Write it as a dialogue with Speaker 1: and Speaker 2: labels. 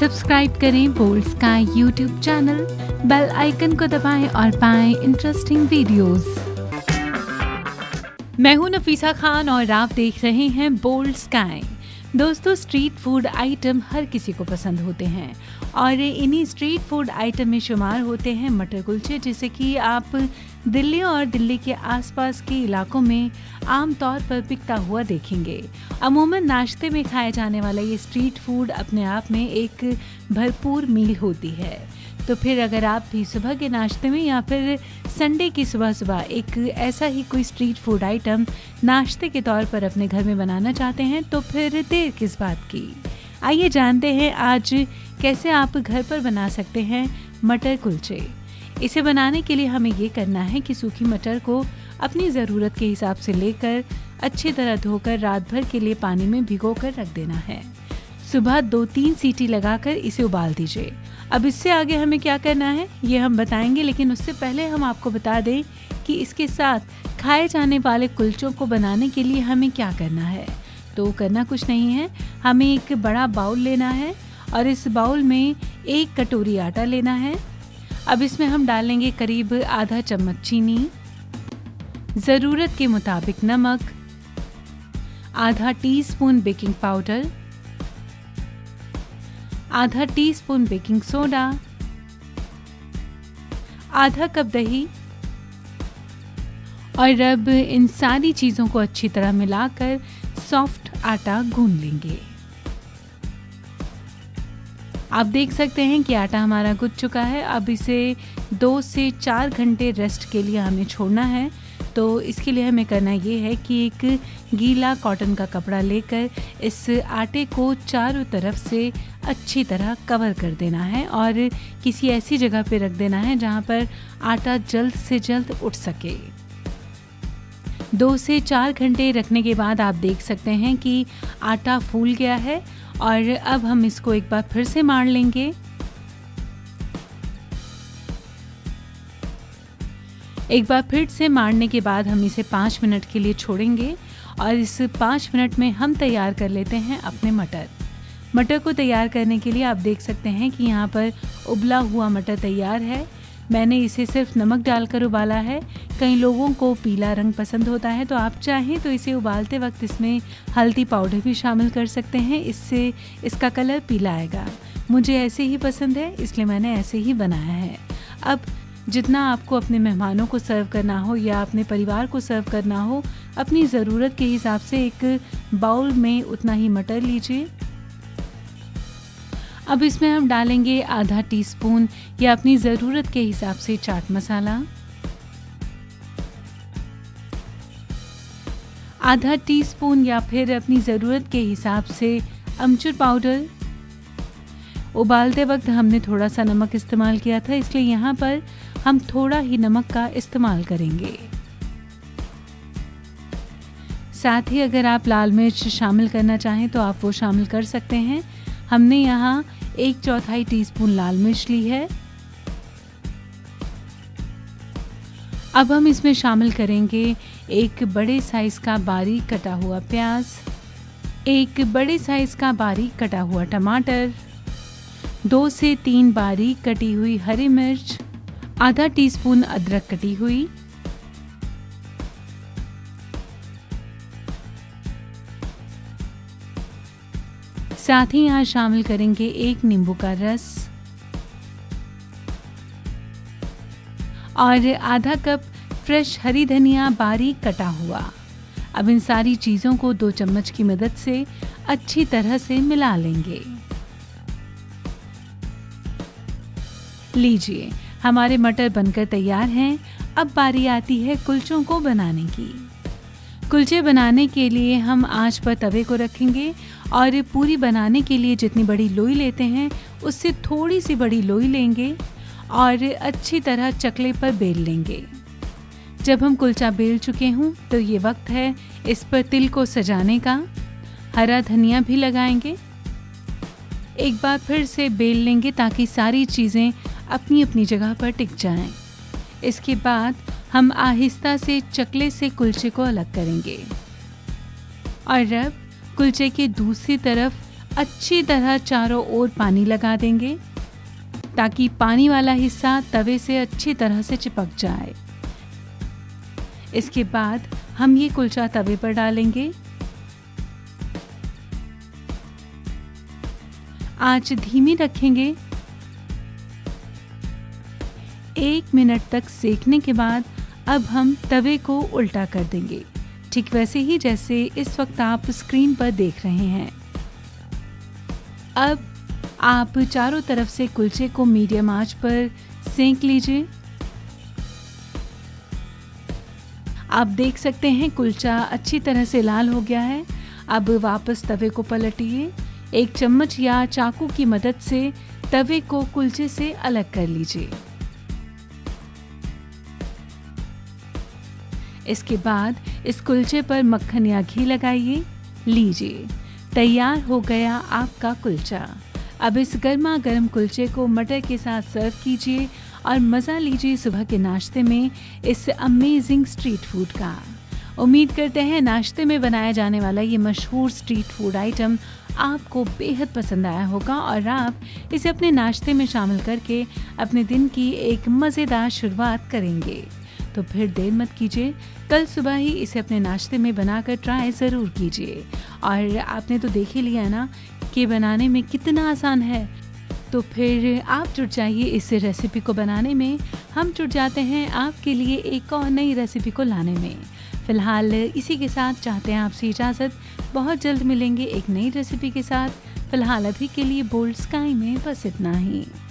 Speaker 1: Subscribe करें bold sky YouTube channel bell icon को दबाएं और पाएं इंटरेस्टिंग वीडियोस। मैं हूं नफीसा खान और आप देख रहे हैं बोल्ड स्काई दोस्तों स्ट्रीट फूड आइटम हर किसी को पसंद होते हैं और इन्हीं स्ट्रीट फूड आइटम में शुमार होते हैं मटर कुलचे जिसे कि आप दिल्ली और दिल्ली के आसपास के इलाकों में आमतौर पर बिकता हुआ देखेंगे अमूमन नाश्ते में खाया जाने वाला ये स्ट्रीट फूड अपने आप में एक भरपूर मील होती है तो फिर अगर आप भी सुबह के नाश्ते में या फिर संडे की सुबह सुबह एक ऐसा ही कोई स्ट्रीट फूड आइटम नाश्ते के तौर पर अपने घर में बनाना चाहते हैं तो फिर देर किस बात की आइए जानते हैं आज कैसे आप घर पर बना सकते हैं मटर कुलचे इसे बनाने के लिए हमें ये करना है कि सूखी मटर को अपनी ज़रूरत के हिसाब से लेकर अच्छी तरह धोकर रात भर के लिए पानी में भिगो कर रख देना है सुबह दो तीन सीटी लगाकर इसे उबाल दीजिए अब इससे आगे हमें क्या करना है ये हम बताएंगे लेकिन उससे पहले हम आपको बता दें कि इसके साथ खाए जाने वाले कुलचों को बनाने के लिए हमें क्या करना है तो करना कुछ नहीं है हमें एक बड़ा बाउल लेना है और इस बाउल में एक कटोरी आटा लेना है अब इसमें हम डालेंगे करीब आधा चम्मच चीनी ज़रूरत के मुताबिक नमक आधा टीस्पून बेकिंग पाउडर आधा टीस्पून बेकिंग सोडा आधा कप दही और अब इन सारी चीज़ों को अच्छी तरह मिलाकर सॉफ्ट आटा गूंद लेंगे आप देख सकते हैं कि आटा हमारा गुज चुका है अब इसे दो से चार घंटे रेस्ट के लिए हमें छोड़ना है तो इसके लिए हमें करना ये है कि एक गीला कॉटन का कपड़ा लेकर इस आटे को चारों तरफ से अच्छी तरह कवर कर देना है और किसी ऐसी जगह पर रख देना है जहाँ पर आटा जल्द से जल्द उठ सके दो से चार घंटे रखने के बाद आप देख सकते हैं कि आटा फूल गया है और अब हम इसको एक बार फिर से मार लेंगे एक बार फिर से मारने के बाद हम इसे पाँच मिनट के लिए छोड़ेंगे और इस पाँच मिनट में हम तैयार कर लेते हैं अपने मटर मटर को तैयार करने के लिए आप देख सकते हैं कि यहाँ पर उबला हुआ मटर तैयार है मैंने इसे सिर्फ नमक डालकर उबाला है कई लोगों को पीला रंग पसंद होता है तो आप चाहें तो इसे उबालते वक्त इसमें हल्दी पाउडर भी शामिल कर सकते हैं इससे इसका कलर पीला आएगा मुझे ऐसे ही पसंद है इसलिए मैंने ऐसे ही बनाया है अब जितना आपको अपने मेहमानों को सर्व करना हो या अपने परिवार को सर्व करना हो अपनी ज़रूरत के हिसाब से एक बाउल में उतना ही मटर लीजिए अब इसमें हम डालेंगे आधा टीस्पून या अपनी ज़रूरत के हिसाब से चाट मसाला आधा टीस्पून या फिर अपनी ज़रूरत के हिसाब से अमचूर पाउडर उबालते वक्त हमने थोड़ा सा नमक इस्तेमाल किया था इसलिए यहाँ पर हम थोड़ा ही नमक का इस्तेमाल करेंगे साथ ही अगर आप लाल मिर्च शामिल करना चाहें तो आप वो शामिल कर सकते हैं हमने यहाँ एक चौथाई टीस्पून लाल मिर्च ली है अब हम इसमें शामिल करेंगे एक बड़े साइज का बारीक कटा हुआ प्याज एक बड़े साइज का बारीक कटा हुआ टमाटर दो से तीन बारीक कटी हुई हरी मिर्च आधा टीस्पून अदरक कटी हुई साथ ही यहाँ शामिल करेंगे एक नींबू का रस और आधा कप फ्रेश हरी धनिया बारीक कटा हुआ अब इन सारी चीज़ों को दो चम्मच की मदद से अच्छी तरह से मिला लेंगे लीजिए हमारे मटर बनकर तैयार हैं अब बारी आती है कुलचों को बनाने की कुलचे बनाने के लिए हम आंच पर तवे को रखेंगे और पूरी बनाने के लिए जितनी बड़ी लोई लेते हैं उससे थोड़ी सी बड़ी लोई लेंगे और अच्छी तरह चकले पर बेल लेंगे जब हम कुलचा बेल चुके हों तो ये वक्त है इस पर तिल को सजाने का हरा धनिया भी लगाएंगे एक बार फिर से बेल लेंगे ताकि सारी चीज़ें अपनी अपनी जगह पर टिक जाएं। इसके बाद हम आहिस्ता से चकले से कुलचे को अलग करेंगे और अब कुलचे की दूसरी तरफ अच्छी तरह चारों ओर पानी लगा देंगे ताकि पानी वाला हिस्सा तवे से अच्छी तरह से चिपक जाए इसके बाद हम ये कुलचा तवे पर डालेंगे आंच धीमी रखेंगे एक मिनट तक सेकने के बाद अब हम तवे को उल्टा कर देंगे ठीक वैसे ही जैसे इस वक्त आप स्क्रीन पर देख रहे हैं अब आप चारों तरफ से कुलचे को मीडियम आंच पर सेंक लीजिए आप देख सकते हैं कुलचा अच्छी तरह से लाल हो गया है अब वापस तवे को पलटिए एक चम्मच या चाकू की मदद से तवे को कुलचे से अलग कर लीजिए इसके बाद इस कुलचे पर मक्खन या घी लगाइए लीजिए तैयार हो गया आपका कुलचा अब इस गर्मा गर्म कुलचे को मटर के साथ सर्व कीजिए और मज़ा लीजिए सुबह के नाश्ते में इस अमेजिंग स्ट्रीट फूड का उम्मीद करते हैं नाश्ते में बनाया जाने वाला ये मशहूर स्ट्रीट फूड आइटम आपको बेहद पसंद आया होगा और आप इसे अपने नाश्ते में शामिल करके अपने दिन की एक मज़ेदार शुरुआत करेंगे तो फिर देर मत कीजिए कल सुबह ही इसे अपने नाश्ते में बनाकर ट्राई ज़रूर कीजिए और आपने तो देख ही लिया ना कि बनाने में कितना आसान है तो फिर आप जुट जाइए इस रेसिपी को बनाने में हम जुट जाते हैं आपके लिए एक और नई रेसिपी को लाने में फ़िलहाल इसी के साथ चाहते हैं आपसे इजाज़त बहुत जल्द मिलेंगे एक नई रेसिपी के साथ फ़िलहाल अभी के लिए बोल्ड स्काई में बस इतना ही